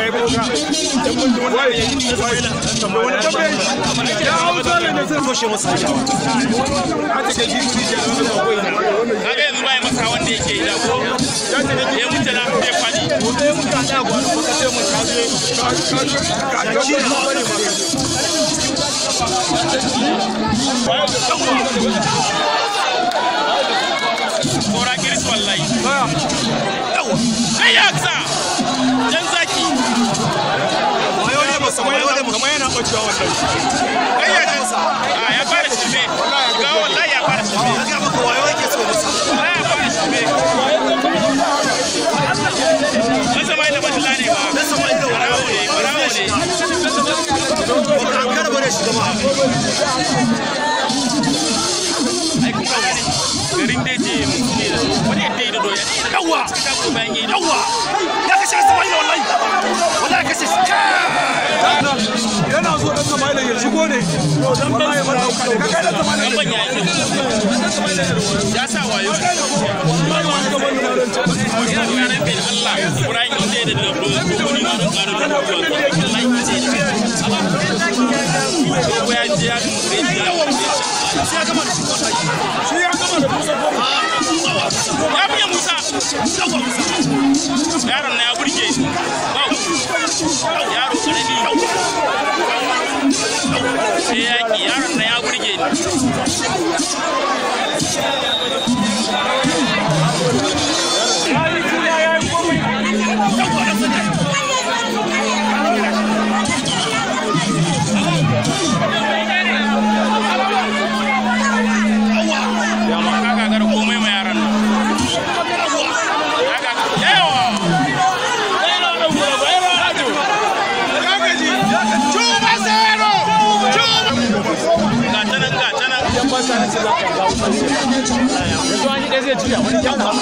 kai boka a da da wucewa wannan kai ya kansa a ah, ya fara shirme ga wallahi ya fara ga wayo yake so ya fara ne ba sama ne ne kar bare shi ai garin da je mun ne da wani da dawa dawa malam ya shigo ne wallahi ba ka ga da zamanin ya sa wayo da lambu ko da karu ya ji ya shi ya gama da shi kota shi ya gama da musa ya sai yaki yaron na ya burge ni 哎呀，没关系，这些吃啊，我吃姜糖。